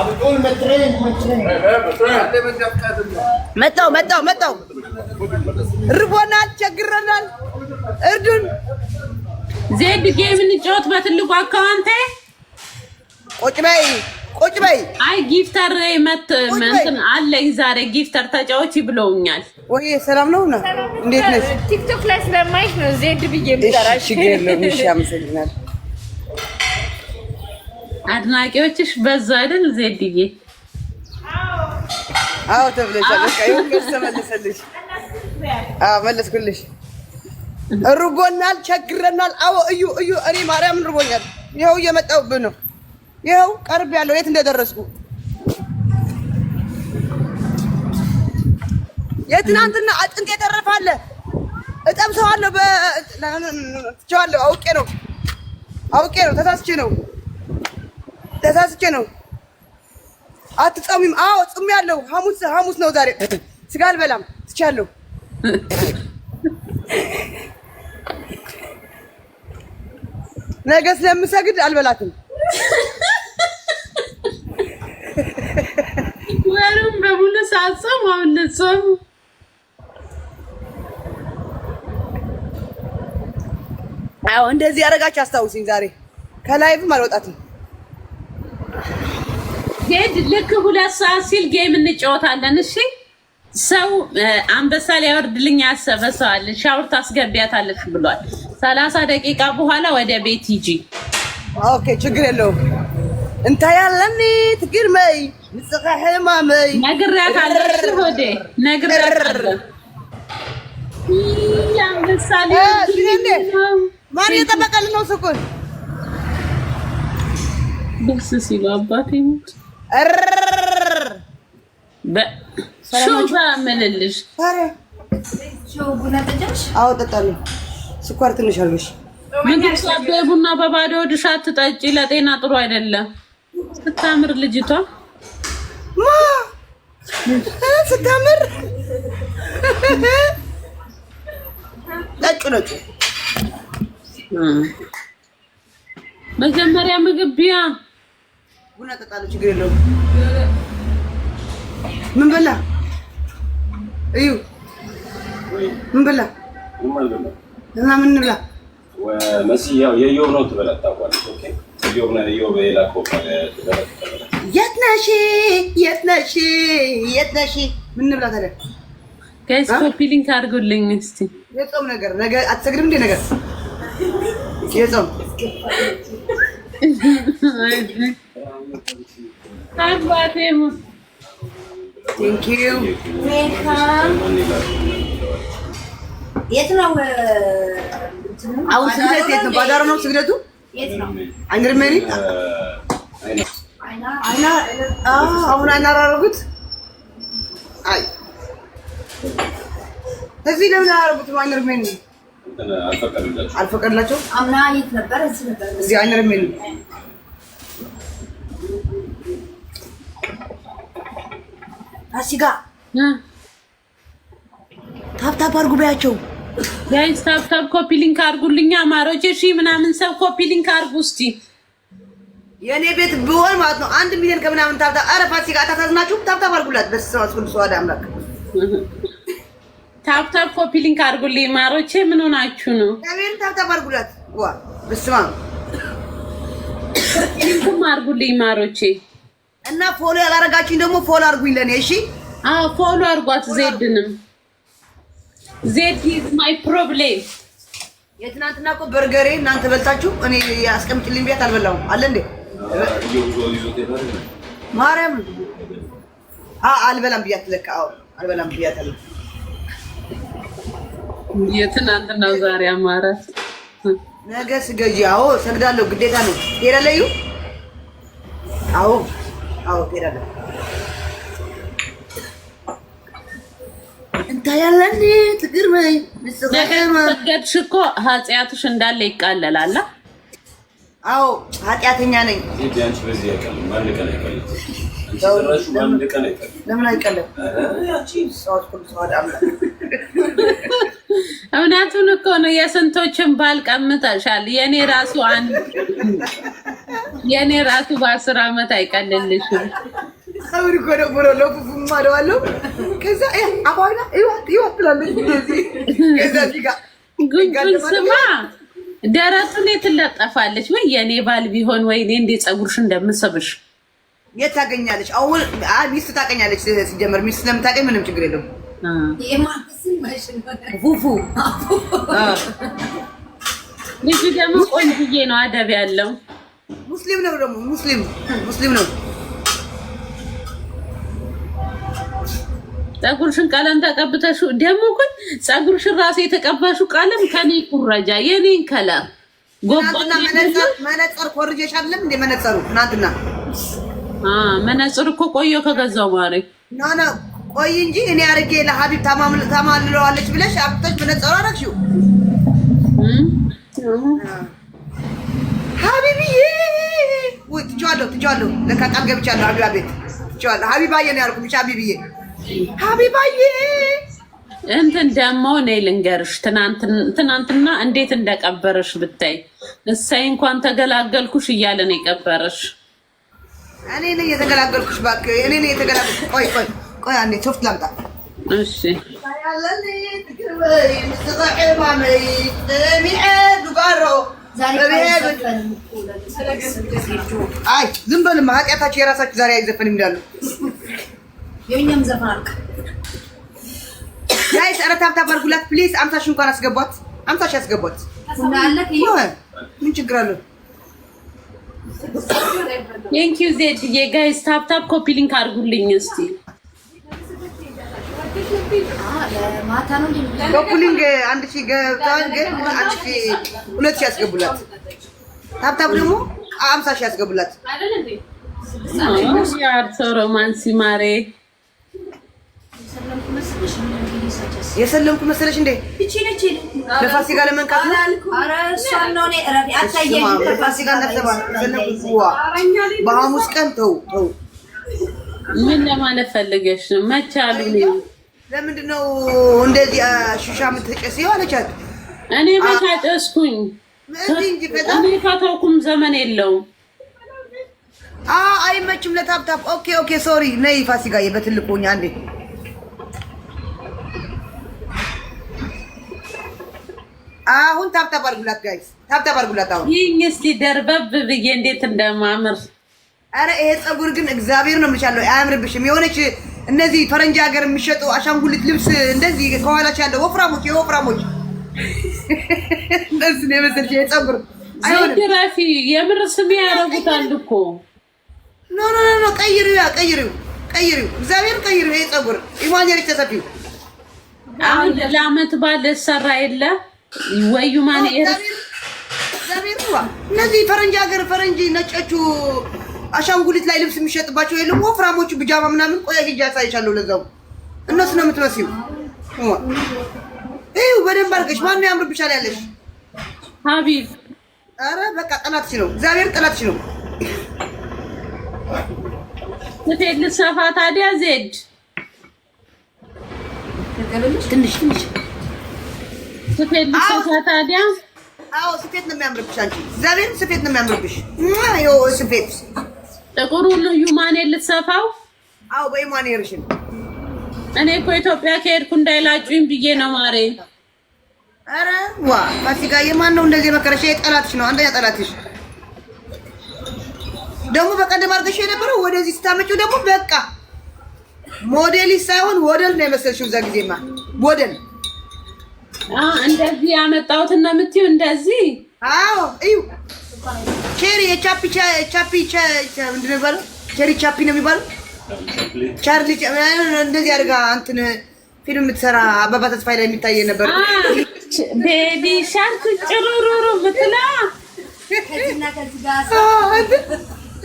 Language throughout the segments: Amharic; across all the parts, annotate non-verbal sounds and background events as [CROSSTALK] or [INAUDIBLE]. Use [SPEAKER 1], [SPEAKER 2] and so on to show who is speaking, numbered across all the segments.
[SPEAKER 1] አውጡኝ። መጣው መጣው መጣው። ርቦናል፣ ቸግረናል። እርዱን። ዜድ ጌም እንጫወት በትልቁ አካውንቴ ቁጭ በይ ቁጭ በይ። አይ ጊፍተር መት እንትን አለኝ ዛሬ ጊፍተር ተጫዋች ብለውኛል። ወይ ሰላም ነው እንዴት ነሽ? ቲክቶክ ላይ ስለማይሽ ነው ዜድ ብዬ አድናቂዎችሽ በዛ አይደል? ዜድዬ አዎ ተብለሻል። በቃ ይሁን መልስ ተመለሰልሽ። አዎ መለስኩልሽ። ርቦናል፣ ቸግረናል። አዎ እዩ እዩ፣ እኔ ማርያምን ርቦኛል። ይኸው እየመጣሁብህ ነው። ይኸው ቀርብ ያለው የት እንደደረስኩ የትናንትና አጥንት የተረፋለ እጠብሰዋለሁ፣ በ ትቼዋለሁ። አውቄ ነው አውቄ ነው ተሳስቼ ነው ተሳስቼ ነው። አትጾሚም? አዎ ጾሚያለሁ። ሐሙስ ሐሙስ ነው ዛሬ። ስጋ አልበላም ትቻለሁ። ነገ ስለምሰግድ አልበላትም። ወሩም በሙሉ ሳጾም አሁን ልጾም አዎ እንደዚህ ያደረጋችሁ አስታውስኝ። ዛሬ ከላይቭም አልወጣትም። ሄድ ልክ ሁለት ሰዓት ሲል ጌም እንጫወታለን። እሺ ሰው አንበሳ ሊያወርድልኝ ያሰበ ሰው አለ። ሻወር ታስገቢያታለች ብሏል። ሰላሳ ደቂቃ በኋላ ወደ ቤት ሂጂ። ኦኬ ችግር የለውም። እንታያለን። ትግር መይ ንጽኸ ሕማመይ ነግሬያታለሽ። ሆዴ ነግሬያታለሁ። አንበሳ ማን የጠበቀልን ነው ስኩን ደስ ሲሉ አባቴ ሞት ምልልሽ አወጣጣለሁ። ስኳር ትንሽ አድርገሽ ቡና በባዶ ድሻ ትጠጪ፣ ለጤና ጥሩ አይደለም። ስታምር ልጅቷ ስታምር ጠጪ ነጩ መጀመሪያ ምግብ ቢያ ቡና ጠጣለሁ፣ ችግር የለውም። ምን በላ እዩ? ምን በላ እና ምን ብላ
[SPEAKER 2] መስያው የዮብ ነው ትበላት ታውቃለህ። ኦኬ የዮብ ነው የዮብ
[SPEAKER 1] የት ነሽ? የት ነሽ? የት ነሽ? ምን ብላ ታዲያ ጋይስ ኮፒ ሊንክ አድርጉልኝ እስቲ። የጾም ነገር ነገ አትሰግድም እንዴ? ነገር የጾም [LAUGHS] የት ነው አሁን ስግደት? የት ነው ባዳር ነው ስግደቱ? አንግር መሪ አሁን አናራረጉት። አይ እዚህ ለምን አላረጉትም? አንግር መሪ አልፈቀድላቸውም።
[SPEAKER 3] አምና የት ነበር? እዚህ
[SPEAKER 1] ነበር። እዚህ አንግር መሪ አሲጋ ታፕታፕ አድርጉ በያቸው። ጋይስ ታፕታፕ ኮፒ ሊንክ አድርጉልኛ ማሮቼ። እሺ ምናምን ሰብ ኮፒ ሊንክ አድርጉ እስቲ። የእኔ ቤት ቢሆን ማለት ነው አንድ ሚሊዮን ከምናምን ታፕታ አረ ፋሲካ አታሳዝናችሁ። ታፕታፕ አድርጉላት። በስሰዋስ ሁሉ ሰዋዳ አምላክ ታፕታፕ ኮፒ ሊንክ አድርጉልኝ ማሮቼ። ምን ሆናችሁ ነው? ታሜን ታፕታፕ አድርጉላት። ዋ በስማ ሊንኩም አድርጉልኝ ማሮቼ እና ፎሎ ያላረጋችሁኝ ደግሞ ፎሎ አርጉኝ ለኔ። እሺ አዎ፣ ፎሎ አርጓት ዜድንም። ዜድ ኢዝ ማይ ፕሮብሌም። የትናንትና እኮ በርገሬ እናንተ በልታችሁ እኔ ያስቀምጥልኝ ቢያት አልበላሁም አለ እንዴ ማርያም አልበላም ብያት ለካ አልበላም ብያት አለ። የትናንትና ዛሬ አማረ ነገ ስገጂ። አዎ ሰግዳለሁ፣ ግዴታ ነው። ሄዳለዩ አዎ እንታያለን። ትግርመኝ ሰገድሽ እኮ ኃጢአትሽ እንዳለ ይቃለላል። አዎ ኃጢአተኛ ነኝ። ለምን አይቀለም? እውነቱን እኮ ነው። የስንቶችን ባል ቀምተሻል። የኔ ራሱ አንድ የኔ ራሱ በአስር አመት አይቀልልሽም። አሁን እኮ ከዛ አባላ ጉንጩን ስማ ትለጠፋለች ወይ የኔ ባል ቢሆን ወይ እንዴ ጸጉርሽ እንደምሰብሽ የት ታገኛለች? አሁን ሚስት ታቀኛለች። ሲጀመር ሚስት ስለምታቀኝ ምንም ችግር የለም። ፉፉ ልጁ ደግሞ ቆንጅዬ ነው፣ አደብ ያለው ሙስሊም ነው። ደግሞ ሙስሊም ሙስሊም ነው። ፀጉርሽን ቀለም ተቀብተሽ ደግሞ እኮ ፀጉርሽን ራሴ የተቀባሽው ቀለም ከኔ ኩረጃ የኔን ከለም ጎባ መነጸር ኮርጀሽ አይደለም እንደ መነጸሩ ትናንትና መነጽር እኮ ቆየ ከገዛው ማሬ ናና ቆይ እንጂ እኔ አድርጌ ለሀቢብ ተማልለዋለች ብለሽ አብቶች መነጽሩ አደረግሽው። ሀቢብዬ ትቼዋለሁ፣ ትቼዋለሁ። ለካ ቃል ገብቻለሁ ሀቢባ ቤት ትቼዋለሁ። ሀቢባዬ ነው ያልኩሽ። ሀቢብዬ ሀቢባዬ እንትን ደግሞ እኔ ልንገርሽ፣ ትናንትና እንዴት እንደቀበረሽ ብታይ። እሰይ እንኳን ተገላገልኩሽ ነው የቀበረሽ እኔ ነኝ የተገላገልኩሽ። እባክህ እኔ ነኝ የተገላገልኩሽ። ቆይ ቆይ ቆይ አንዴ ሶፍት ላምጣ። እሺ አይ ዝም በልማ፣ ኃጢአታችሁ የራሳችሁ ዛሬ አይዘፈንም እንዳሉ
[SPEAKER 3] የእኛም ዘፈን
[SPEAKER 1] ጋይስ፣ ኧረ ታብታብ አድርጉላት ፕሊዝ። አምሳሽ እንኳን አስገቧት፣ አምሳሽ አስገቧት። ምን ችግር አለው? የንኪው ዜድ የጋይስ ታፕታፕ ኮፒ ሊንክ አድርጉልኝ እስቲ ኮፒሊንግ አንድ ሺህ ገብተዋል፣ ግን አንድ ሺህ ሁለት ሺህ ያስገቡላት። ታፕታፕ ደግሞ አምሳ ሺህ ያስገቡላት። ሮማንስ ማሬ የሰለምኩ መሰለሽ እንዴ? እቺ ነች ለፋሲካ ለመንካት ነው።
[SPEAKER 3] ኧረ እሷን ነው እኔ እረፊ አታየኝ።
[SPEAKER 1] ለፋሲካ በሐሙስ ቀን ተው ተው። ምን ለማለት ፈልገሽ ነው? መቼ አሉ ለምንድን ነው እንደዚህ ሽሻ የምትጨሲው አለቻት። እኔ በታጨስኩኝ እኔ ከተውኩም ዘመን የለውም። አይመችም ለታፕታፕ ኦኬ ኦኬ ሶሪ ነይ ፋሲካዬ በትልቁኛ አንዴ አሁን ታብታብ አድርጉላት ጋይስ፣ ታብታብ አድርጉላት። አሁን ይህኝ እስቲ ደርበብ ብዬ እንዴት እንደማምር አረ ይሄ ፀጉር ግን እግዚአብሔር ነው የምልሻለሁ፣ አያምርብሽም። የሆነች እነዚህ ፈረንጅ ሀገር የሚሸጡ አሻንጉሊት ልብስ እንደዚህ ከኋላች ያለው ወፍራሞች፣ የወፍራሞች [LAUGHS] እንደዚህ ነው የመሰልሽ የፀጉር ዘድራፊ የምር ስሜ ያደርጉታል እኮ ኖ ኖ ኖ ኖ፣ ቀይሪው፣ ቀይሪው፣ ቀይሪው፣ እግዚአብሔር ቀይሪው። ይሄ ፀጉር ኢማንጀሪክ ተሰፊው አሁን ለአመት ባለ ሰራ የለ ወዩ ማን እነዚህ ፈረንጅ ሀገር ፈረንጅ ነጮቹ አሻንጉሊት ላይ ልብስ የሚሸጥባቸው የለም ወፍራሞቹ ብጃማ ምናምን ቆያ ሂጅ አሳይሻለሁ። ለዛው እነሱ ነው የምትመስዩ። ይኸው በደንብ አድርገሽ ማነው ያምርብሻል ያለሽ ሀቢብ። አረ በቃ ጠላትሽ ነው፣ እግዚአብሔር ጠላትሽ ነው። ልትሰፋ ታዲያ ዜድ ትንሽ ትንሽ ታዲያ አዎ ስፌት ነው የሚያምርብሽ። አንቺ እግዚአብሔር ስፌት ነው የሚያምርብሽ። ይኸው ስፌት ጥቁሩ ልዩ ማኔ ልትሰፋው። አዎ በይ ማኔ እርሽን። እኔ እኮ ኢትዮጵያ ከሄድኩ እንዳይላጩኝ ብዬ ነው ማሬ። ኧረ ዋ ፋሲካ የማን ነው እንደዚህ ነው አንደኛ ጠላትሽ። ደግሞ በቀደም አድርገሽ የነበረው ወደዚህ ስታመጪው ደግሞ በቃ ሞዴሊስት ሳይሆን ወደል ነው የመሰልሽው። እዛ ጊዜማ ወደል እንደዚህ ያመጣሁትና የምትይው እንደዚህ አዎ፣ እዩ ቼሪ የቻፒ ቻፒ ምንድን ነው የሚባለው? ቼሪ ቻፒ ነው የሚባለው። ቻርሊ እንደዚህ አድርጋ እንትን ፊልም የምትሰራ አባባ ተስፋዬ ላይ የሚታየ ነበር። ቤቢ ሻርክ ጭሩሩሩ ምትላ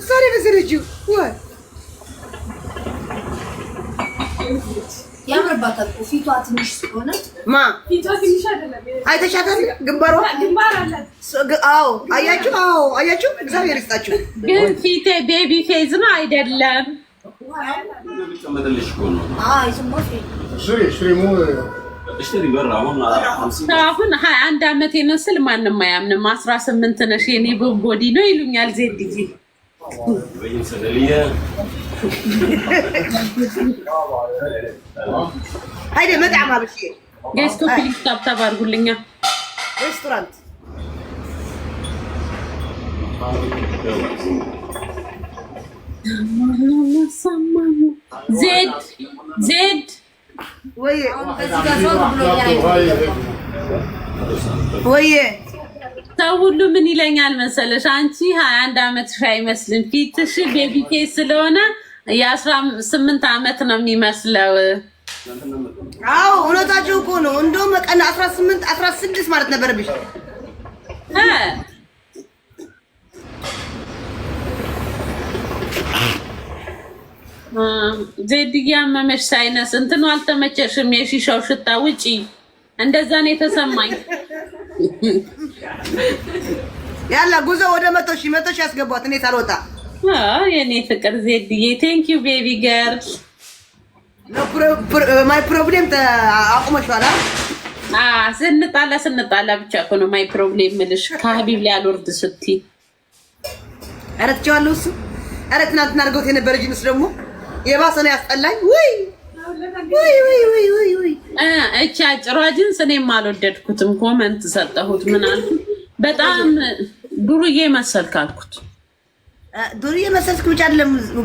[SPEAKER 1] እሷ ላይ መሰለችው
[SPEAKER 3] ያምርባታል እኮ ፊቷ ትንሽ ስለሆነ ማ ፊቷ ትንሽ አይደለም።
[SPEAKER 1] አይተሻታል? ግንባሯ ግንባር አላት። አዎ አያችሁ፣ አዎ አያችሁ። እግዚአብሔር ይስጣችሁ። ግን ፊቴ ቤቢ ፌዝ ነው አይደለም። አሁን ሀያ አንድ አመት የመስል ማንም አያምንም። አስራ ስምንት ነሽ የኔ ቦዲ ነው ይሉኛል Benim seneliye. ሀይደ መጣም አብሽ ጋይስ ኮፒ ሊስት ታብታብ አድርጉልኛ። ሬስቶራንት ዜድ ዜድ ወይ ወይ ሰው ሁሉ ምን ይለኛል መሰለሽ፣ አንቺ ሀያ አንድ አመት አይመስልም ፊትሽ ቤቢ ኬስ ስለሆነ የአስራ ስምንት አመት ነው የሚመስለው። አዎ እውነታቸው እኮ ነው። እንደውም ቀን አስራ ስምንት አስራ ስድስት ማለት ነበረብሽ። ዜድዬ አመመሽ ሳይነስ እንትኑ አልተመቸሽም፣ የሺሻው ሽታ ውጪ። እንደዛ ነው የተሰማኝ። [LAUGHS] ያላ ጉዞ ወደ መቶ ሺህ መቶ ሺህ ያስገቧት። እኔ ታልወጣ የኔ ፍቅር ዜድዬ፣ ቴንክ ዩ ቤቢ ገርል። ማይ ፕሮብሌም አቁመሽዋል። ስንጣላ ስንጣላ ብቻ እኮ ነው ማይ ፕሮብሌም የምልሽ። ከሀቢብ ላይ አልወርድ ስቲ ኧረ ትቼዋለሁ እሱ ኧረ ትናንትና አድርገውት የነበረ ጅንስ ደግሞ የባሰ ነው ያስጠላኝ ወይ እቺ አጭሯ ጅንስ እኔም አልወደድኩትም። ኮመንት ሰጠሁት ምን በጣም ዱርዬ መሰልክ አልኩት። ዱርዬ መሰልክ ብቻ አይደለም